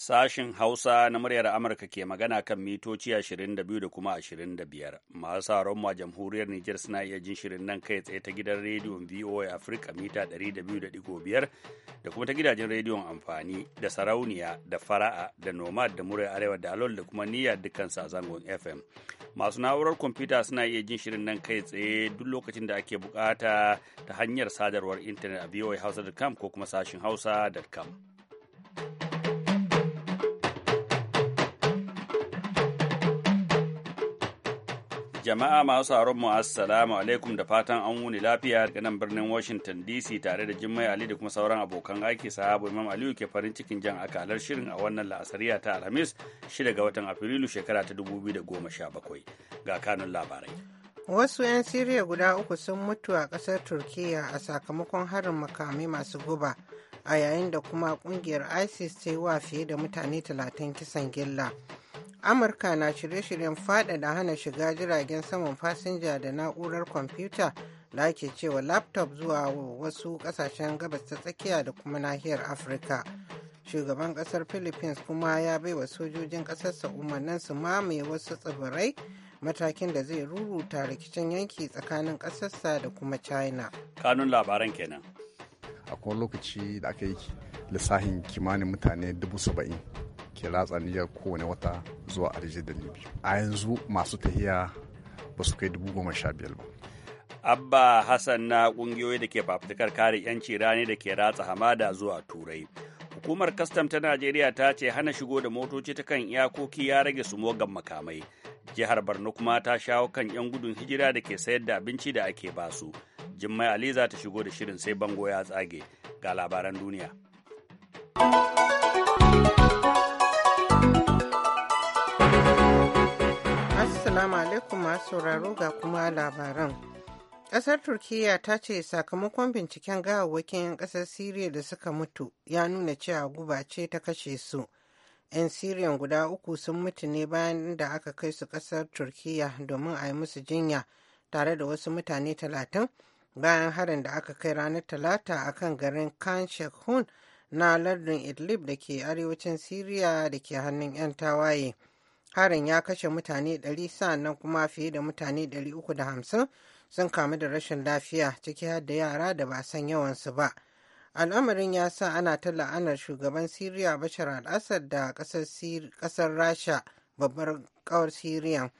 Sashin Hausa na muryar Amurka ke magana kan mitoci 22 da kuma 25. Masu sauran ma jamhuriyar Nijar suna iya jin shirin nan kai tsaye ta gidan rediyon VOA Africa mita 200.5 da kuma ta gidajen rediyon amfani da sarauniya da fara'a da nomad da muryar arewa da alol da kuma niyyar dukkan zangon FM. Masu na'urar kwamfuta suna iya jin shirin nan kai tsaye duk lokacin da ake bukata ta hanyar sadarwar intanet a voahausa.com ko kuma sashin hausa.com. Jama'a masu sauraron mu assalamu alaikum da fatan an wuni lafiya daga nan birnin Washington DC tare da jimmai Ali da kuma sauran abokan aiki sahabo Imam Aliyu ke farin cikin jan akalar shirin a wannan la'asariya ta Alhamis shida ga watan Afrilu shekara ta 2017 ga kanun labarai. Wasu 'yan Siriya guda uku sun mutu a kasar Turkiyya a sakamakon harin makamai masu guba a yayin da kuma kungiyar ISIS ta yi wa fiye da mutane 30 kisan gilla. amurka na shirye-shiryen faɗaɗa hana shiga jiragen saman fasinja da na'urar kwamfuta da ake cewa laptop zuwa wasu ƙasashen gabas ta tsakiya da kuma nahiyar afirka shugaban ƙasar philippines kuma ya baiwa sojojin ƙasarsa umarnin su mamaye wasu tsibirai matakin da zai rubuta rikicin yanki tsakanin ƙasarsa da kuma china kanun labaran kenan akwai lokaci da aka yi lissahin kimanin mutane dubu ke ratsa kowane wata zuwa da A yanzu masu tahiya ba su kai dubu goma sha biyar ba. Abba Hassan na ƙungiyoyi da ke fafutukar kare 'yanci rani da ke ratsa hamada zuwa Turai. Hukumar kastam ta Najeriya ta ce hana shigo da motoci ta kan iyakoki ya rage su mogan makamai. Jihar Borno kuma ta shawo kan 'yan gudun hijira da ke sayar da abinci da ake basu. Jummai Ali za ta shigo da shirin sai bango ya tsage ga labaran duniya. Assalamu alaikum masu sauraro ga kuma labaran. Ƙasar Turkiyya ta ce sakamakon binciken gawawwakin 'yan kasar Siriya da suka mutu ya nuna cewa guba ce ta kashe su. 'Yan Siriyan guda uku sun mutu ne bayan da aka kai su ƙasar Turkiyya domin a yi musu jinya tare da wasu mutane talatin bayan harin da aka kai ranar talata a kan garin Khan shekhun na lardin Idlib da ke arewacin Siriya da ke hannun 'yan tawaye. harin ya kashe mutane 100 sannan kuma fiye da mutane 350 sun kamu da rashin lafiya ciki har da yara da ba san yawansu ba al'amarin ya sa ana ta la'anar shugaban siriya bashar al-assad da kasar rasha babbar kawar Siriya.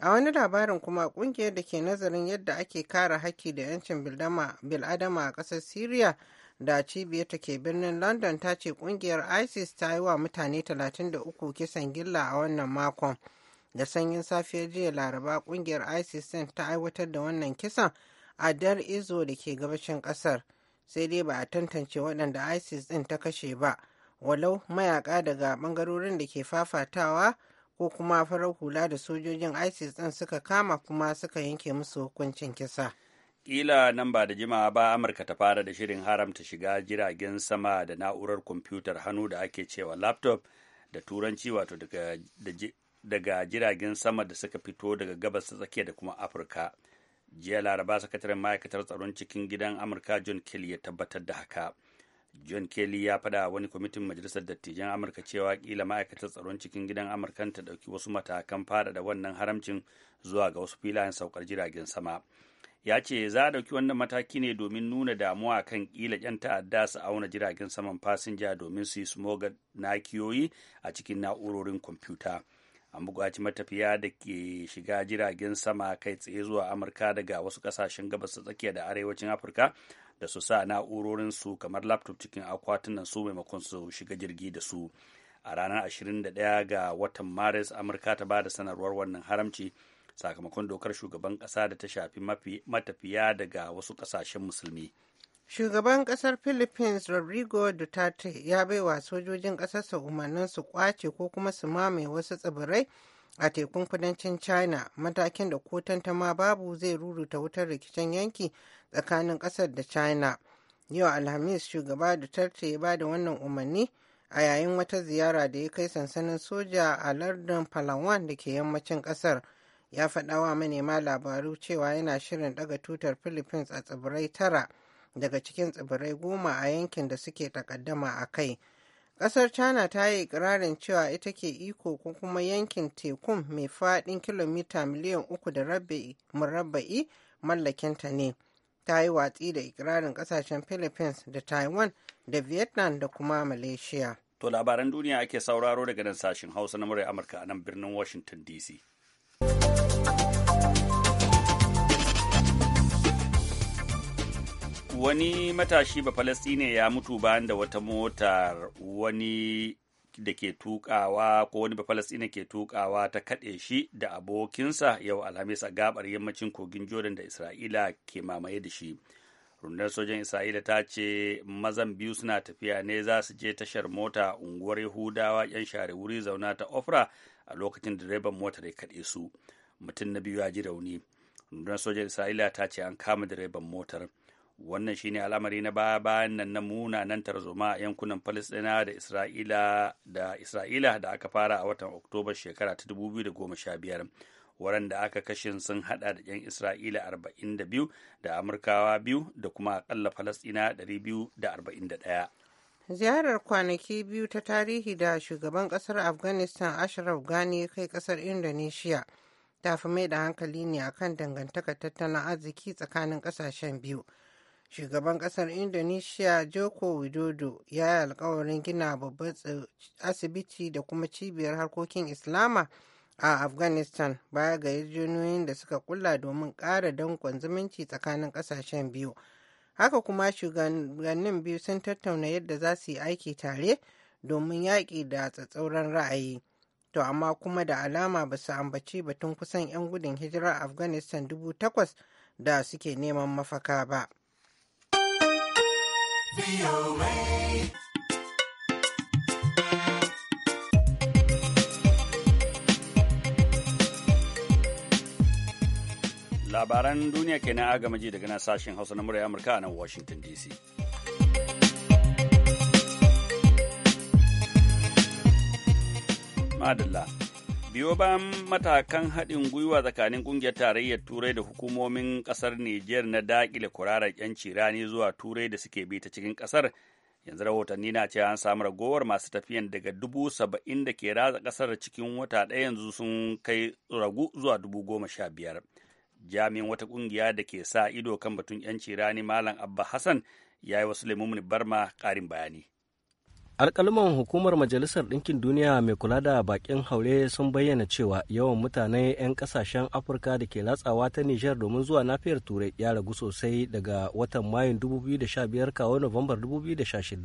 a wani labarin kuma kungiyar da ke nazarin yadda ake kare haƙƙi da 'yancin bil'adama a ƙasar siriya da cibiyar ta ke birnin london ta ce kungiyar isis ta yi wa mutane 33 kisan gilla a wannan makon da sanyin safiyar jiya laraba kungiyar isis ta aiwatar da wannan kisan a dar izo da ke gabashin kasar sai dai ba a tantance waɗanda isis din ta kashe ba walau mayaka daga ɓangarorin da ke fafatawa ko kuma farar hula da sojojin isis ɗin suka kama kuma suka yanke musu hukuncin kisa kila nan ba da jimawa ba amurka ta fara da shirin haramta shiga jiragen sama da na'urar kwamfutar hannu da ake cewa laptop da turanci wato daga, jiragen sama da suka fito daga gabas ta tsakiya da kuma afirka jiya laraba sakataren ma'aikatar tsaron cikin gidan amurka john kelly ya tabbatar da haka john kelly ya faɗa wani kwamitin majalisar dattijan amurka cewa kila ma'aikatar tsaron cikin gidan amurka ta ɗauki wasu matakan fara da wannan haramcin zuwa ga wasu filayen saukar jiragen sama ya ce za a ɗauki wannan mataki ne domin nuna damuwa kan ƙila 'yan ta'adda su auna jiragen saman fasinja domin su yi smoga nakiyoyi a cikin na'urorin kwamfuta an buƙaci matafiya da ke shiga jiragen sama kai tsaye zuwa amurka daga wasu ƙasashen gabas ta tsakiya da arewacin afirka da su sa na'urorin su kamar laptop cikin akwatunan su maimakon su shiga jirgi da su a ranar 21 ga watan maris amurka ta ba da sanarwar wannan haramci sakamakon dokar shugaban ƙasa da ta shafi matafiya daga wasu ƙasashen musulmi. Shugaban kasar Philippines Rodrigo Duterte ya bai wa sojojin kasarsa umarnin su kwace ko kuma su mamaye wasu tsibirai a tekun kudancin China matakin da kotan ta ma babu zai ruruta wutar rikicin yanki tsakanin kasar da China. Yau Alhamis shugaba Duterte ya bada wannan umarni a yayin wata ziyara da ya kai sansanin soja a lardin Palawan da ke yammacin kasar. ya faɗa wa manema labaru cewa yana shirin ɗaga tutar philippines a tsibirai tara daga cikin tsibirai goma a yankin da suke takaddama a kai ƙasar china ta yi ikirarin cewa ita ke iko ko kuma yankin tekun mai faɗin kilomita miliyan uku da murabba'i mallakinta ne ta yi watsi da ikirarin ƙasashen philippines da taiwan da vietnam da kuma malaysia to labaran duniya ake sauraro daga nan sashen hausa na murai amurka a nan birnin washington dc wani matashi ba Falastine ya mutu bayan da wata motar wani da ke tukawa ko wani ba bafalastina ke tukawa ta kaɗe shi da abokinsa yau alhamis a gabar yammacin kogin jordan da isra'ila ke mamaye da shi rundunar sojan isra'ila ta ce mazan biyu suna tafiya ne za su je tashar mota unguwar yahudawa yan share wuri zauna ta ofra a lokacin da direban motar ya kaɗe su mutum na biyu ya ji rauni rundunar sojan isra'ila ta ce an kama direban motar wannan shine al'amari na baya bayan nan na munanan tarzoma a yankunan Falasɗina da Isra'ila da Isra'ila da aka fara a watan Oktoba shekara ta 2015 da aka kashin sun hada da 'yan Isra'ila 42 da Amurkawa biyu da kuma akalla Falasɗina 241. ziyarar kwanaki biyu ta tarihi da shugaban kasar afghanistan ashraf ghani kai kasar indonesia ta fi mai da hankali ne akan dangantakar tattalin arziki tsakanin kasashen biyu shugaban kasar indonesia joko widodo ya yi alkawarin gina babban asibiti da kuma cibiyar harkokin islama a afghanistan baya ga yarjejeniyoyin da suka kulla domin ƙara danƙon zumunci tsakanin ƙasashen biyu haka kuma shugabannin biyu sun tattauna yadda za su yi aiki tare domin yaƙi da tsatsauran ra'ayi to amma kuma da alama ba su ambaci batun kusan 'yan gudun hijirar afghanistan dubu takwas da suke neman mafaka ba. Labaran duniya kenan gama ji daga nan sashen Hausa na murya Amurka a nan Washington DC. Madalla. biyo bayan matakan haɗin gwiwa tsakanin ƙungiyar tarayyar turai da hukumomin ƙasar niger na daƙile kurarar 'yanci rani zuwa turai da suke bi ta cikin ƙasar yanzu rahotanni na cewa an samu ragowar masu tafiyan daga dubu saba'in da ke ratsa ƙasar cikin wata ɗaya yanzu sun kai ragu zuwa dubu goma sha biyar jami'in wata ƙungiya da ke sa ido kan batun 'yanci rani malam abba hassan ya yi wasu lemumin barma ƙarin bayani alkalman hukumar majalisar ɗinkin duniya mai kula da bakin haure sun bayyana cewa yawan mutane 'yan kasashen afirka da ke latsawa ta nijar domin zuwa nafiyar turai ya ragu sosai daga watan mayun 2015 kawo nuwambar 2016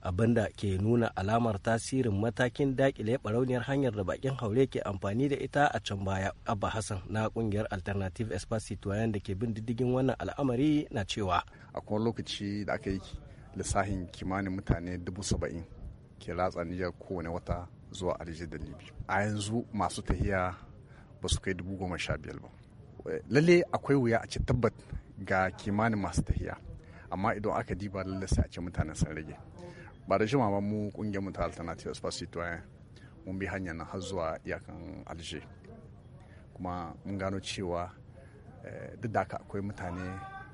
abinda ke nuna alamar tasirin matakin dakile barauniyar hanyar da bakin haure ke amfani da ita a can baya abba hassan na kungiyar alternative espacito da ke bin diddigin wannan al'amari na cewa akwai lokaci da aka yi lissahin kimanin mutane dubu ke ratsa Nijar kowane wata zuwa Alger da Libya. A yanzu masu tahiya ba su kai dubu goma sha biyar ba. Lalle akwai wuya a ce tabbat ga kimanin masu tahiya. Amma idan aka diba lalle sai a ce mutanen sun rage. Ba da jima ba mu kungiyar mutu alternative space citoyen mun bi hanyar na har zuwa iyakan Alger. Kuma mun gano cewa eh, duk da akwai mutane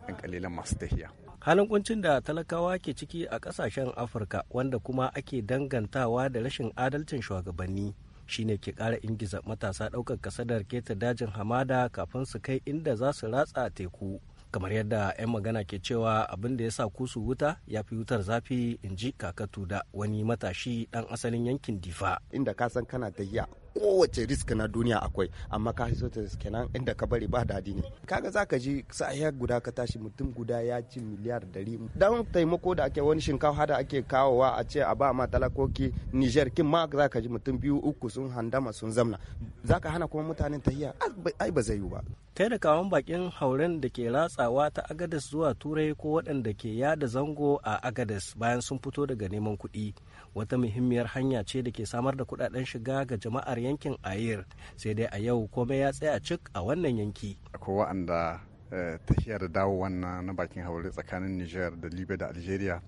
'yan kalilan masu tahiya. halin kuncin da talakawa ke ciki a kasashen afirka wanda kuma ake dangantawa da rashin adalcin shugabanni shine ke ƙara ingiza matasa ɗaukar kasadar keta dajin hamada kafin su kai inda za su ratsa teku kamar yadda 'yan magana ke cewa abin da ya sa kusu wuta ya fi wutar zafi in ji kakatu da wani matashi ɗan asalin yankin difa inda kasan kana tahiya kowace risk na duniya akwai amma ka so ta kenan inda ka bari ba dadi ne kaga zaka ji sahiya guda ka tashi mutum guda ya ci miliyar dari dan taimako da ake wani shinkafa da ake kawowa a ce a ba ma talakoki Niger kin ma zaka ji mutum biyu uku sun handama sun zamna zaka hana kuma mutanen tahiya ai ba zai yi ba kai da kawon bakin hauren da ke ratsawa ta agadas zuwa turai ko waɗanda ke yada zango a agadas bayan sun fito daga neman kuɗi wata muhimmiyar hanya ce da ke samar da kuɗaɗen shiga ga jama'ar jama'ar yankin ayir sai dai a yau komai ya tsaya cik a wannan yanki akwai wa'anda eh, tafiya da dawo dawowa na bakin haure tsakanin niger da libya da algeria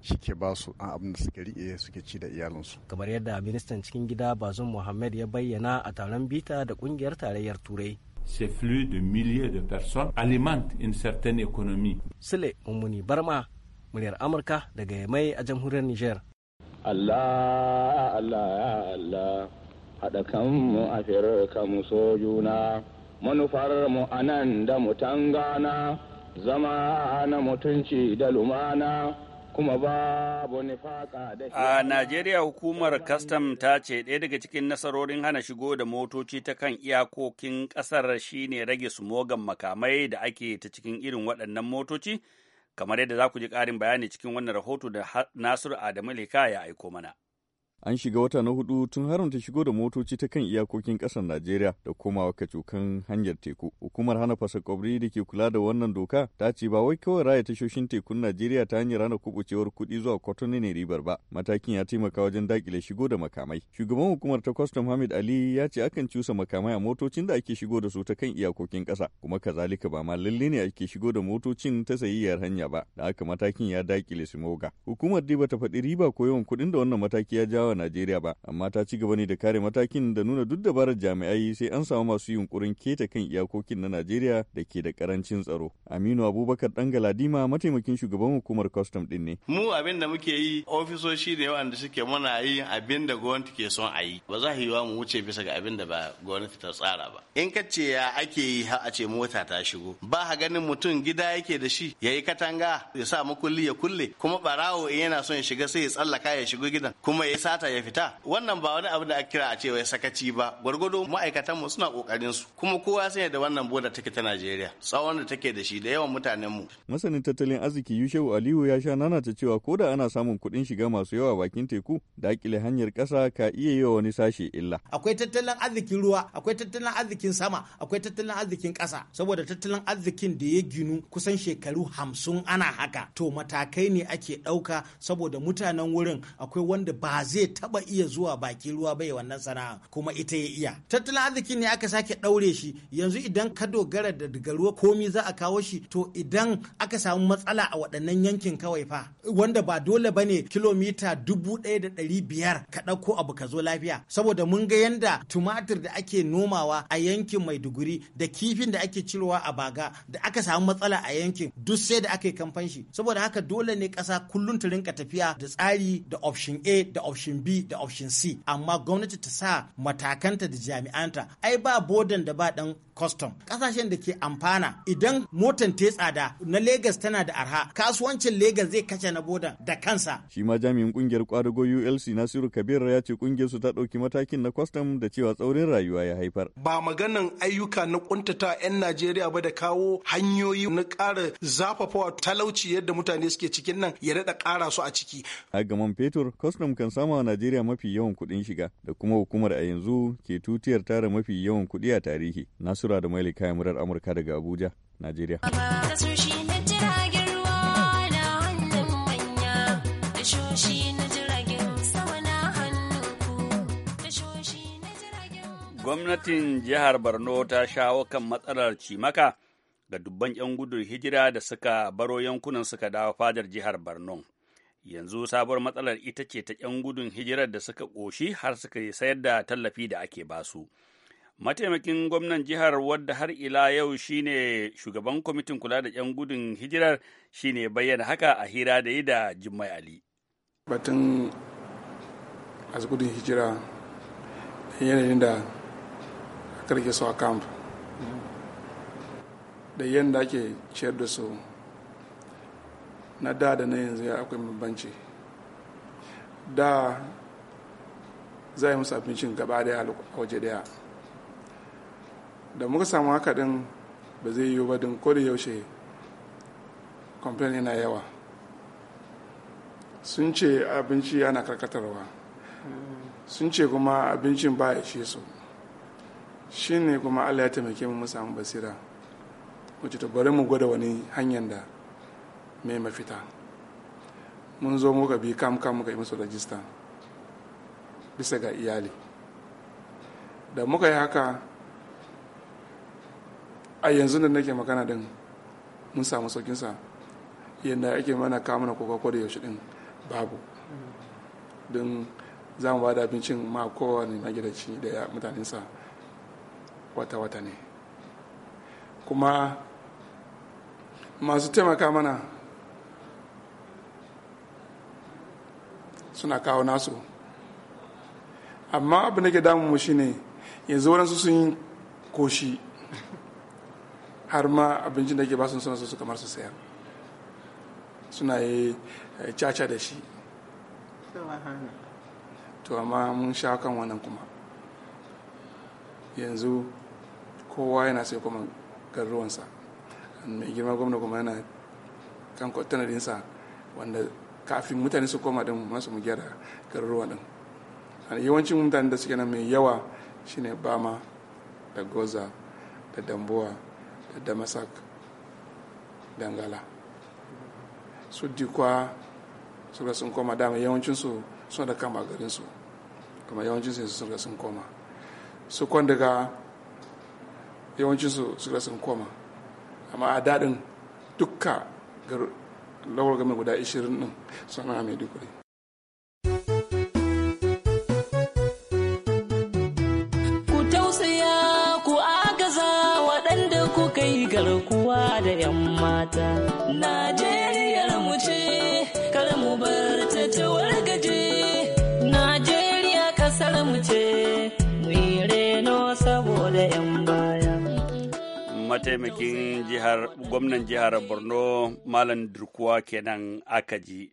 shi ke ba su an abin da suke riƙe suke ci da iyalinsu. Kamar yadda ministan cikin gida Bazum muhammed ya bayyana a taron bita da kungiyar tarayyar Turai. Ces flux de milliers de personnes alimentent une certaine économie. Sule Mummuni Barma, muryar Amurka daga Yamai a jamhuriyar Niger. Allah, Allah, Allah. haɗa kanmu a ka mu so juna manufar mu anan da mu tangana zama na mutunci da lumana kuma babu nifaka da A Najeriya hukumar kastam ta ce ɗaya daga cikin nasarorin hana shigo da motoci ta kan iyakokin ƙasar shine rage sumogan makamai da ake ta cikin irin waɗannan motoci kamar yadda za ku ji ƙarin bayani cikin wannan rahoto da Nasiru Adamu Lika ya aiko mana. an shiga wata na hudu tun haramta shigo da motoci ta kan iyakokin kasar Najeriya da komawa kacokan hanyar teku. Hukumar hana fasa kwabri da ke kula da wannan doka ta ce ba wai kawai raya tashoshin tekun Najeriya ta hanyar hana kubucewar kuɗi zuwa kwatoni ne ribar ba. Matakin ya taimaka wajen dakile shigo da makamai. Shugaban hukumar ta kwastam Hamid Ali ya ce akan cusa makamai a motocin da ake shigo da su ta kan iyakokin ƙasa kuma kazalika ba ma lalle ne ake shigo da motocin ta sayayyar hanya ba da haka matakin ya dakile simoga. Hukumar dai bata faɗi riba ko yawan kuɗin da wannan mataki ya jawo Najeriya ba, amma ta ci gaba ne da kare matakin da nuna duk dabarar jami'ai sai an samu masu yunkurin keta kan iyakokin na Najeriya da ke da karancin tsaro. Aminu Abubakar Dan Galadima mataimakin shugaban hukumar custom din ne. Mu abin da muke yi ofisoshi da yawa da suke muna yi abin da gwamnati ke son a yi. Ba za yiwa mu wuce bisa ga abin da ba gwamnati ta tsara ba. In ka ya ake yi har a ce mota ta shigo. Ba ha ganin mutum gida yake da shi ya yi katanga ya sa makulli ya kulle kuma barawo in yana son ya shiga sai ya tsallaka ya shigo gidan kuma ya sata kamata ya fita wannan ba wani abu da ake kira a ce wai sakaci ba gwargwado ma'aikatan mu suna kokarin su kuma kowa ya sanya da wannan boda take ta Najeriya tsawon da take da shi da yawan mutanen mu masanin tattalin arziki yushehu Aliyu ya sha nana ta cewa koda ana samun kuɗin shiga masu yawa bakin teku dakile hanyar ƙasa ka iya yi wa wani sashe illa akwai tattalin arzikin ruwa akwai tattalin arzikin sama akwai tattalin arzikin ƙasa saboda tattalin arzikin da ya ginu kusan shekaru hamsin ana haka to matakai ne ake ɗauka saboda mutanen wurin akwai wanda ba zai zai taba iya zuwa baki ruwa bai wannan sana'a kuma ita ya iya tattalin arziki ne aka sake daure shi yanzu idan ka dogara da daga ruwa komi za a kawo shi to idan aka samu matsala a waɗannan yankin kawai fa wanda ba dole ba ne kilomita dubu ɗaya da ɗari biyar ka ɗauko abu ka zo lafiya saboda mun ga yanda tumatir da ake nomawa a yankin maiduguri da kifin da ake cirowa a baga da aka samu matsala a yankin duk sai da aka yi kamfan shi saboda haka dole ne ƙasa kullum ta rinka tafiya da tsari da option a da option option B da option C amma gwamnati ta sa matakanta da jami'anta ai ba bodan da ba dan custom kasashen da ke amfana idan motan ta tsada na Legas tana da arha kasuwancin Legas zai kace na bodan da kansa shi ma jami'in kungiyar kwadago ULC Nasiru Kabir ya ce kungiyar su ta dauki matakin na custom da cewa tsaurin rayuwa ya haifar ba maganan ayyuka na kuntata 'yan Najeriya ba da kawo hanyoyi na ƙara zafafawa talauci yadda mutane suke cikin nan ya daɗa ƙara su a ciki. A gaman fetur, custom kan sama Najeriya mafi yawan kuɗin shiga da kuma hukumar a yanzu ke tutiyar tara mafi yawan kuɗi a tarihi. Nasura da Maili kayan murar Amurka daga Abuja, Najeriya. Gwamnatin jihar Borno ta shawo kan matsalar cimaka. ga dubban 'yan gudun hijira da suka baro yankunan suka dawo fadar jihar Borno. yanzu sabuwar matsalar ita ce ta 'yan gudun hijirar da suka ƙoshi har suka sayar da tallafi da ake basu. Mataimakin gwamnan jihar wadda har ila yau shine shugaban kwamitin kula da 'yan gudun hijirar shine bayyana haka a hira da yi da Jummai Ali. Batun gudun hijira yanayin da aka rike su a camp da yadda ake ciyar da su na da da na yanzu ya akwai bambanci da za yi musu abincin gaba daya a waje daya da muka samu haka din ba zai yiwu ba din da yaushe complain yana yawa sun ce abinci ana karkatarwa sun ce kuma abincin ba ya ishe su shine kuma allah ya taimake mu mu samu basira wacce ta bari mu gwada wani hanyar da mai mafita mun zo muka bi kam kam muka yi musu rajista bisa ga iyali da muka yi haka a yanzu da nake magana din mun samu saukinsa yadda ake mana kamuna koka da yaushe din babu don za mu ba da abincin ma kowane magidanci da mutanensa wata-wata ne kuma masu taimaka mana suna kawo nasu amma abin da ke damu mu shine yanzu wadansu sun yi koshi har ma abincin da ke basu suna su kamar su sayar suna yi eh, caca da shi to amma mun sha kan wannan kuma yanzu kowa yana sai kuma garuwansa mai girma gwamna kuma yana kan kwatanarinsa wanda kafin mutane su koma din masu mu gyara garuruwa din yawancin mutane da suke nan mai yawa shine bama da goza da dambuwa da damasak dangala su dikwa su sun koma dama yawancinsu suna da kama garinsu kuma yawancinsu ga sun koma su kwan daga yawancinsu su sun koma amma a daɗin dukka lawar game guda 20 din suna maiduguri ku tausaya ku agaza waɗanda ku kai garkuwa da 'yan mata na ji mataimakin jihar gwamnan jihar borno malam durkuwa kenan aka ji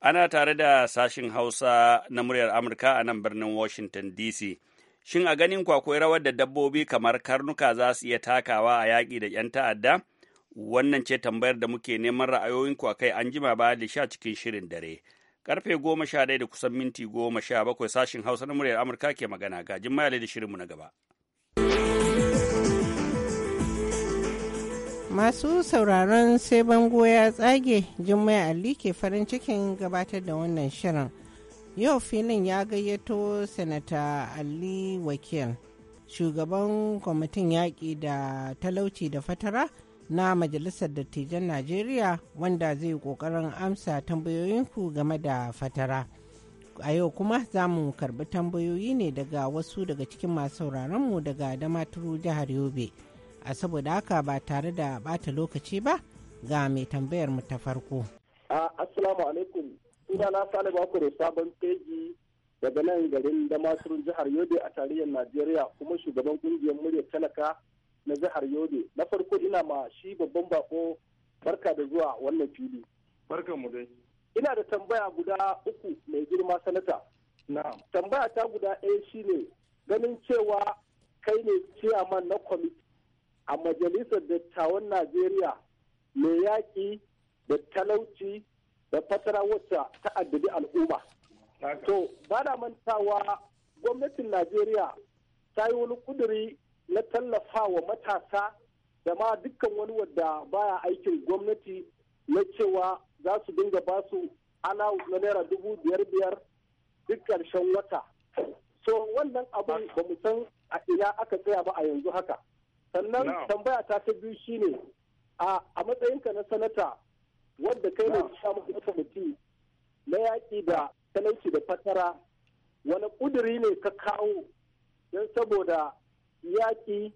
ana tare da sashin hausa na muryar amurka a nan birnin washington dc shin a ganin kwakwai rawar da dabbobi kamar karnuka za su iya takawa a yaƙi da 'yan ta'adda wannan ce tambayar da muke neman ra'ayoyin kwakai kai an jima ba da sha cikin shirin dare karfe goma sha ɗaya da kusan minti goma sha bakwai sashin hausa na muryar amurka ke magana ga jimma da shirinmu na gaba Masu sauraron sai bango ya tsage Jummai Ali ke farin cikin gabatar da wannan shirin. Yau filin ya gayyato Sanata Ali Wakil, shugaban kwamitin yaƙi da talauci da fatara na Majalisar Dattijan Najeriya wanda zai ƙoƙarin amsa tambayoyinku game da fatara. A yau kuma za mu karɓi tambayoyi ne daga wasu daga cikin masu sauraronmu daga Damaturu jihar Yobe. a saboda haka ba tare da bata lokaci ba ga mai tambayar mu ta farko. Assalamu alaikum suna na sale bako da sabon peji daga nan garin masurin jihar yobe a tarihin najeriya kuma shugaban kungiyar murya talaka na jihar yobe na farko ina ma shi babban bako barka da zuwa wannan fili barka mu dai ina da tambaya guda uku mai girma sanata na'am tambaya ta guda ɗaya shine ganin cewa kai ne ciyaman na kwamiti a majalisar dattawan najeriya mai yaƙi da talauci da fatara wacce ta addabi al'umma to ba da mantawa gwamnatin najeriya ta yi wani kuduri na tallafawa matasa da ma dukkan wani wadda baya aikin gwamnati na cewa za su dinga ba su ana na naira dubu biyar biyar duk ƙarshen wata so wannan abin ba mu san a ina aka tsaya ba a yanzu haka sannan tambaya ta ta biyu shine a a matsayinka na sanata wadda kai ne shamu na kwamiti na yaƙi da talauci da fatara wani ƙuduri ne ka kawo don saboda yaƙi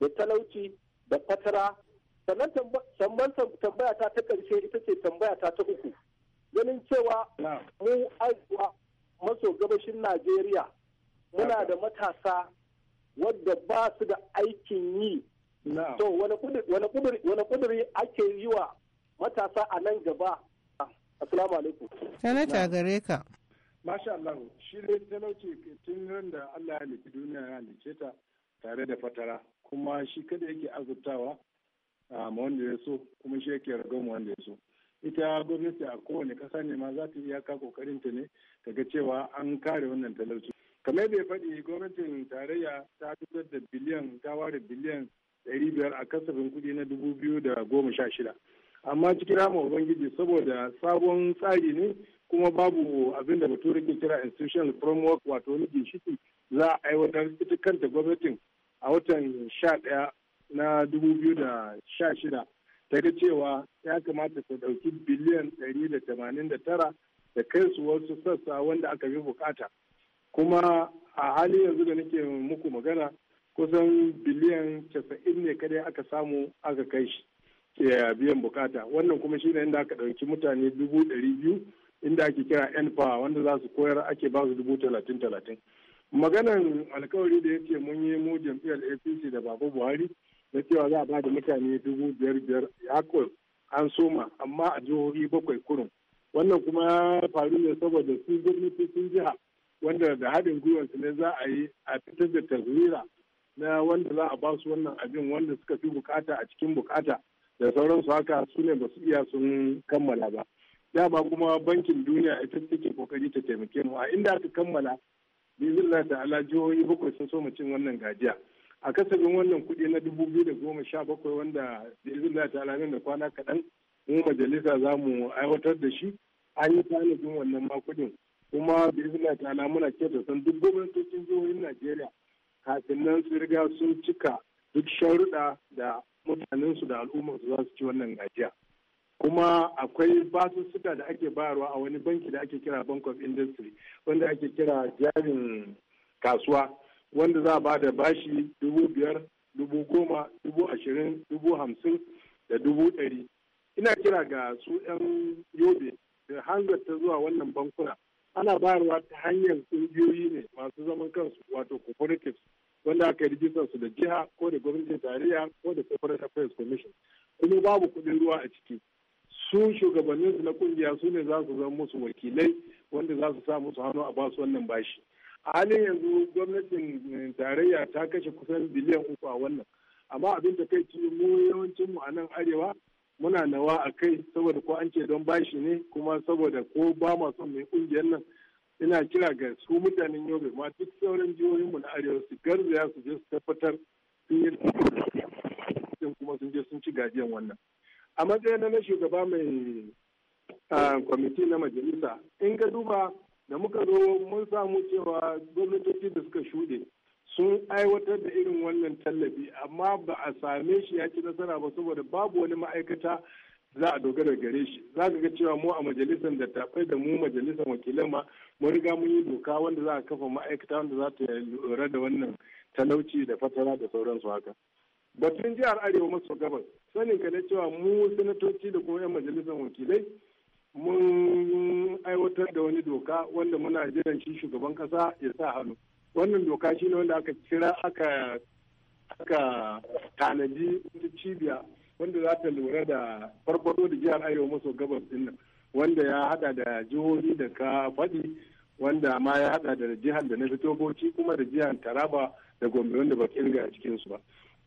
da talauci da fatara sannan tambaya ta ta ƙarshe ita ce tambaya ta ta uku ganin cewa mu arewa maso gabashin najeriya muna da matasa wadda ba su da aikin yi to wani kuduri ake yi wa matasa a nan gaba assalamu alaikum sanata gare ka masha Allah shi ne talauci tun ran da Allah ya halitta duniya ya halice ta tare da fatara kuma shi kada yake azurtawa a wanda ya so kuma shi yake ragon wanda ya so ita gwamnati a kowane kasa ne ma za ta iyaka kokarinta ne ta ga cewa an kare wannan talauci kamar da ya faɗi gwamnatin tarayya ta fitar da biliyan ta da biliyan 500 a kasafin kuɗi na 2016. amma cikin rama ubangiji saboda sabon tsari ne kuma babu abin da bature ke kira institutional framework wato wani ginshiki za a aiwatar ita kanta gwamnatin a watan 11 na 2016 ta ga cewa ya kamata ta ɗauki biliyan 189 da kai su wasu sassa wanda aka fi bukata kuma a hali yanzu da nake muku magana kusan biliyan casa'in ne kadai aka samu aka kai shi ke biyan bukata wannan kuma shine inda aka ɗauki mutane dubu ɗari biyu inda ake kira power wanda za su koyar ake ba su dubu talatin talatin maganan alkawari da yake mun yi mu jam'iyyar apc da baba buhari na cewa za a ba da mutane dubu biyar biyar haka an soma amma a jihohi bakwai kurun wannan kuma ya faru ne saboda su gwamnati sun jiha wanda da haɗin gwiwar su ne za a yi a fitar da taswira na wanda za a ba wannan abin wanda suka fi bukata a cikin bukata da sauransu haka su ne ba su iya sun kammala ba da ba kuma bankin duniya ita take kokari ta taimake mu a inda aka kammala bizillah ala jihohi bakwai sun so mu cin wannan gajiya a kasafin wannan kuɗi na dubu biyu da goma sha bakwai wanda bizillah ta'ala nan da kwana kaɗan mu majalisa za mu aiwatar da shi an yi tanadin wannan makudin kuma bismillah ta'ala muna kyautar san duk gwamnatocin jihohin najeriya kafin nan su riga sun cika duk sharuɗa da mutanensu da su za su ci wannan gajiya kuma akwai basussuka da ake bayarwa a wani banki da ake kira bank of industry wanda ake kira jarin kasuwa wanda za a ba da bashi dubu biyar dubu goma dubu ashirin dubu hamsin da dubu ɗari ina kira ga su 'yan yobe da hanzarta zuwa wannan bankuna ana bayarwa ta hanyar ƙungiyoyi ne masu zaman kansu wato cooperatives wanda aka yi su da jiha ko da gwamnatin tarayya ko da corporate affairs commission kuma babu kuɗin ruwa a ciki su shugabannin na kungiya su ne za su zama musu wakilai wanda za su sa musu hannu a basu wannan bashi a halin yanzu gwamnatin eh, tarayya ta kashe kusan biliyan uku a wannan amma abin da kai mu yawancin mu a nan arewa muna nawa a kai saboda ko an ce don bashi ne kuma saboda ko ba ma son mai kungiyar nan ina kira ga su mutanen yobe ma duk sauran jihohinmu na arewa su garzaya su je su tabbatar sun yi kuma sun je sun ci gajiyan wannan a matsayin na shugaba mai kwamiti na majalisa in ga duba da muka zo mun samu cewa gwamnatoci da suka shuɗe sun aiwatar da irin wannan tallafi amma ba a same shi ya ci nasara ba saboda babu wani ma'aikata za a dogara gare shi za ka ga cewa mu a majalisar da tafai da mu majalisar wakilai ma mun riga mun yi doka wanda za a kafa ma'aikata wanda za ta lura da wannan talauci da fatara da sauransu haka batun jihar arewa maso gabas sanin ka na cewa mu sanatoci da kuma 'yan majalisar wakilai mun aiwatar da wani doka wanda muna jiran shi shugaban kasa ya sa hannu wannan doka shi ne wanda aka kira aka tanadi tanaji wata cibiya wanda za ta lura da farfado da jihar arewa maso gabas din wanda ya hada da jihohi da ka faɗi wanda ma ya hada da jihar da na fito bauchi kuma da jihar taraba da gombe wanda ba kirga a cikin su ba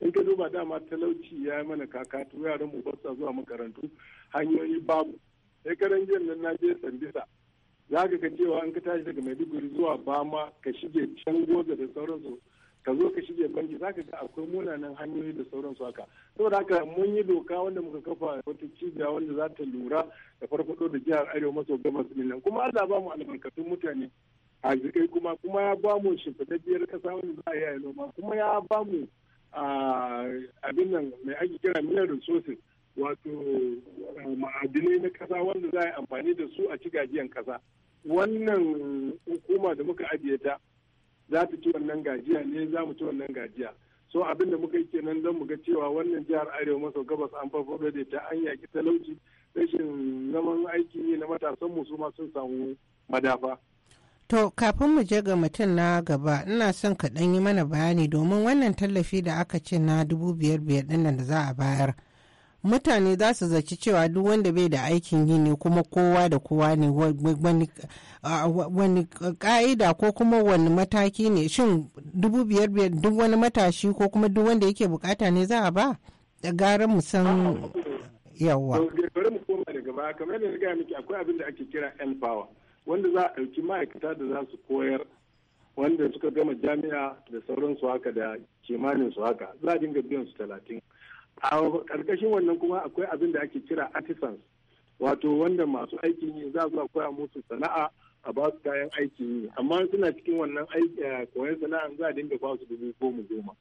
in ka duba dama talauci ya yi mana kakatu yaran mu ba zuwa makarantu hanyoyi babu sai karan jiya nan na je sambisa za ka ka cewa an ka tashi daga maiduguri zuwa bama ka shige can goza da sauransu ka zo ka shige banki za ka ga akwai munanan hanyoyi da sauransu haka saboda haka mun yi doka wanda muka kafa wata cibiya wanda za ta lura da farfado da jihar arewa maso gabas nan kuma allah ba mu albarkatun mutane arzikai kuma kuma ya ba mu shimfidaddiyar kasa wanda za a yi a noma kuma ya ba mu ah, abin nan mai ake kira miliyan resources wato eh, ma'adinai na kasa wanda za a yi amfani da su a ci gajiyan kasa wannan hukuma da muka ajiye ta za ta ci wannan gajiya ne za mu ci wannan gajiya so abin da muka yi kenan don mu ga cewa wannan jihar arewa maso gabas an farfado da ta an yaki talauci rashin zaman aiki ne na matasan mu su ma sun samu madafa To kafin mu je ga mutum na gaba ina son ka ɗan yi mana bayani domin wannan tallafi da aka ce na dubu biyar biyar ɗin da za a bayar mutane za su zaci cewa duk wanda bai da aikin yi ne kuma kowa da kowa ne wani ka'ida ko kuma wani mataki ne shin dubu biyar biyar duk wani matashi ko kuma duk wanda yake bukata ne za a ba da gara mu san yawa mu koma kamar gaya akwai ake kira power wanda za a ɗauki ma'aikata da za su koyar wanda suka gama jami'a da sauransu haka da kimanin su haka za a dinga biyan su talatin a ƙarƙashin wannan kuma akwai abin da ake kira artisans wato wanda masu aikin yi za su koya musu sana'a a ba su kayan aikin yi amma suna cikin wannan eh, koyon sana'a za a dinga ba su dubu goma goma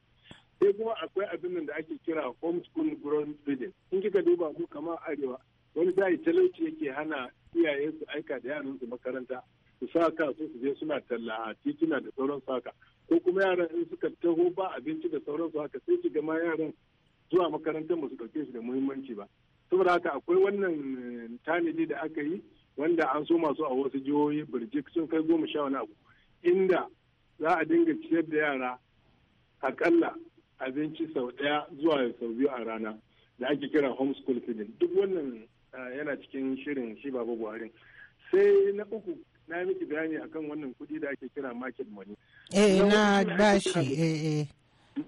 sai kuma akwai abin da ake kira homeschool grown reading in kika duba ku kamar arewa wani zai talauci yake hana iyaye su aika da yaran su makaranta su sa ka su je suna talla a tituna da sauran saka ko kuma yaran in suka taho ba abinci da sauran su haka sai ki gama ma yaran zuwa makarantar ba su ɗauke shi da muhimmanci ba saboda haka akwai wannan eh, tanadi da aka yi wanda an so masu a wasu jihohi birjik sun kai goma sha wani abu inda za a dinga ciyar da yara akalla abinci sau ɗaya zuwa sau biyu a rana da ake kira homeschool feeding duk wannan eh, yana cikin shirin shi baba buhari sai na uku na miki bayani akan wannan kuɗi da ake kira market money eh na bashi eh eh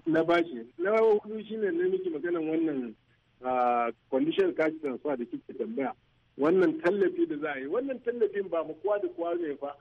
na bashi na hudu shine na miki maganan wannan condition cash transfer da kike tambaya wannan tallafi da za a yi wannan tallafin ba mu kowa da kowa ne fa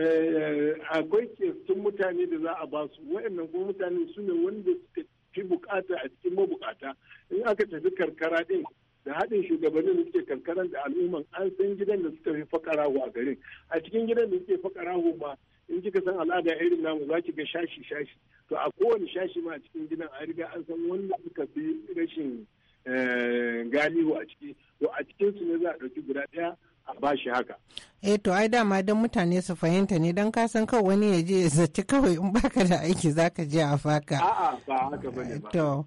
eh, akwai kestun mutane da za a ba su waɗannan kuma mutane su ne wanda suka fi bukata a cikin mabukata in aka tafi karkara din da haɗin shugabannin da suke karkaran da al'umman an san gidan da suka fi fakarahu a garin a cikin gidan da suke fakarahu ba. in kika san al'ada irin namu za ki ga shashi shashi to a kowane shashi ma a cikin gidan a riga an san wanda suka fi rashin eh, galihu a ciki to a cikin su ne za a ɗauki guda ɗaya a ba shi haka. Eh to ai dama don mutane su fahimta ne don kasan kawai wani ya je zaci kawai in baka da aiki za ka je a faka. A'a ba haka bane ba. To.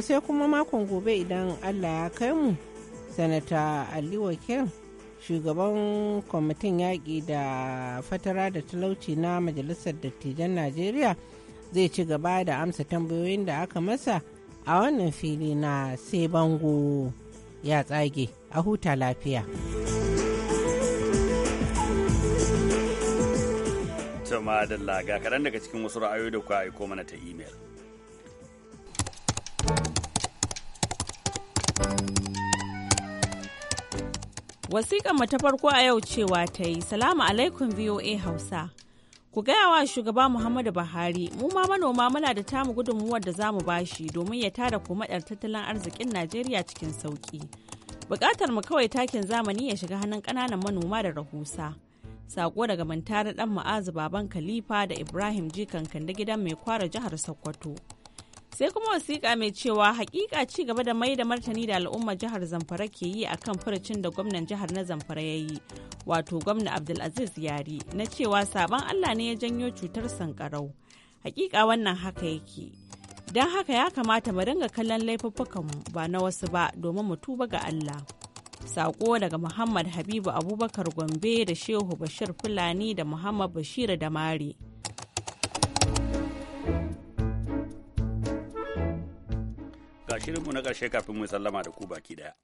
sai kuma makon gobe idan Allah ya kai mu sanata aliwa shugaban kwamitin yaƙi da fatara da talauci na majalisar dattijan najeriya zai ci gaba da amsa tambayoyin da aka masa a wannan fili na sai bango ya tsage a huta lafiya Tuma da kaɗan daga cikin wasu ra'ayoyi da kuka aiko mana ta imel. Wasiƙan mu ta farko a yau cewa ta yi, Salamu alaikum VOA Hausa. Ku gaya wa shugaba Muhammadu Buhari, mu ma manoma muna da tamu gudunmuwar da za mu bashi domin ya tara maɗar tattalin arzikin Najeriya cikin sauƙi. Buƙatar mu kawai takin zamani ya shiga hannun ƙananan manoma da rahusa. Sako daga mantari ɗan ma'azu baban Khalifa da Ibrahim Jikan da gidan mai kwara jihar Sokoto. sai kuma wasiƙa mai cewa hakika ci gaba da mai da martani da al'umma jihar zamfara ke yi a kan furucin da gwamnan jihar na zamfara ya yi wato gwamna abdulaziz yari na cewa sabon allah ne ya janyo cutar sankarau hakika wannan haka yake don haka ya kamata mu dinga kallon laifuffukanmu ba na wasu ba domin mu tuba ga allah sako daga muhammad habibu abubakar gombe da shehu bashir fulani da muhammad bashir da Mari. ga shirinmu na ƙarshe kafin mu sallama da ku baki ɗaya.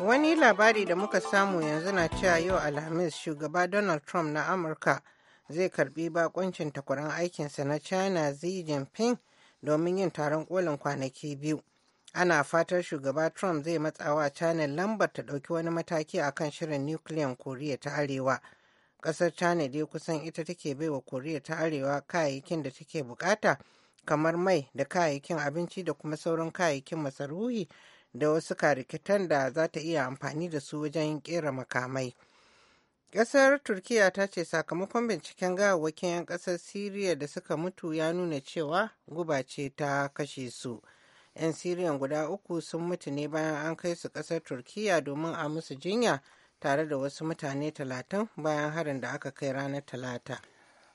Wani labari da muka samu yanzu na cewa yau Alhamis shugaba Donald Trump na Amurka zai karbi bakoncin takwaran aikinsa na China Xi Jinping domin yin taron kolin kwanaki biyu. Ana fatar shugaba Trump zai matsawa China lambar ta ɗauki wani mataki akan shirin nukiliyan Koriya ta Arewa. ƙasar china dai kusan ita take baiwa koriya ta arewa kayayyakin da take bukata kamar mai da kayayyakin abinci da kuma sauran kayayyakin masaruhi da wasu karikitan da za ta iya amfani da su wajen kera makamai ƙasar turkiya ta ce sakamakon binciken gawawwakin 'yan ƙasar siriya da suka mutu ya nuna cewa guba ce ta kashe su 'yan siriyan guda uku sun mutu ne bayan an kai su ƙasar turkiya domin a musu jinya tare da wasu mutane talatin bayan harin da aka kai ranar talata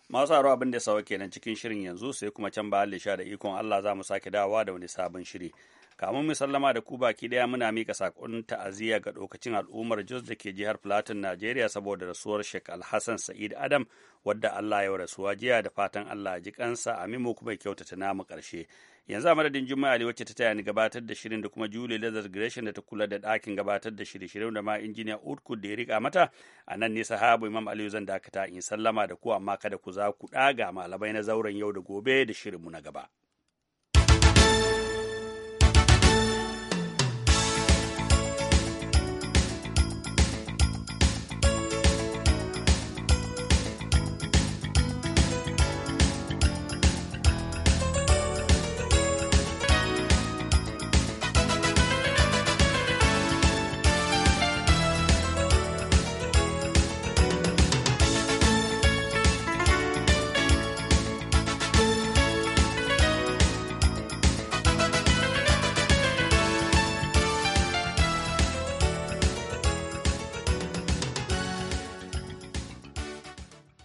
masu haro abin da sauke kenan cikin shirin yanzu sai kuma can ba sha da ikon allah za mu sake dawa da wani sabon shiri kamun mu sallama da ku baki daya muna mika sakon ta'aziyya ga dokacin al'ummar Jos da ke jihar Plateau Najeriya saboda rasuwar Sheikh Alhassan Sa'id Adam wadda Allah ya rasuwa jiya da fatan Allah ji kansa amin mu kuma kyautata namu karshe yanzu a madadin Juma'a Ali wacce ta taya ni gabatar da shirin da kuma Julie Lazar Gresham da ta kula da dakin gabatar da shirye-shiryen da ma injiniya utku da ya rika mata a nan ne sahabu Imam Aliyu zan dakata in sallama da ku amma kada ku za ku ɗaga malamai na zauren yau da gobe da shirinmu na gaba.